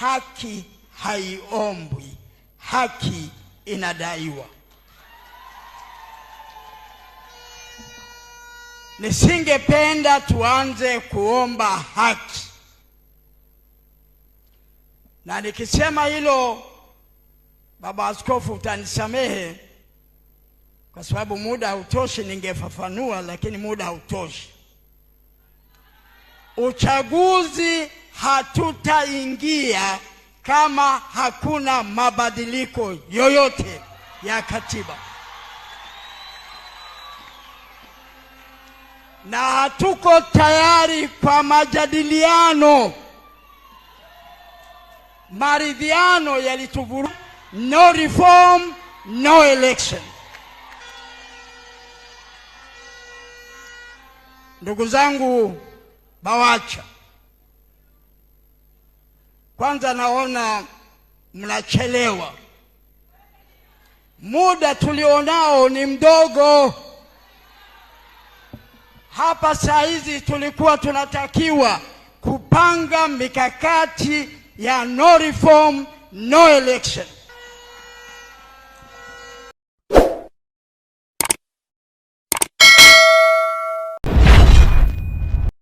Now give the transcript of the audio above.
haki haiombwi, haki inadaiwa. Nisingependa tuanze kuomba haki, na nikisema hilo, baba askofu, utanisamehe kwa sababu muda hautoshi. Ningefafanua, lakini muda hautoshi. Uchaguzi hatutaingia kama hakuna mabadiliko yoyote ya katiba, na hatuko tayari kwa majadiliano. Maridhiano yalituvuru, no reform, no election. Ndugu zangu BAWACHA kwanza naona mnachelewa. Muda tulionao ni mdogo. Hapa saa hizi tulikuwa tunatakiwa kupanga mikakati ya no reform no election.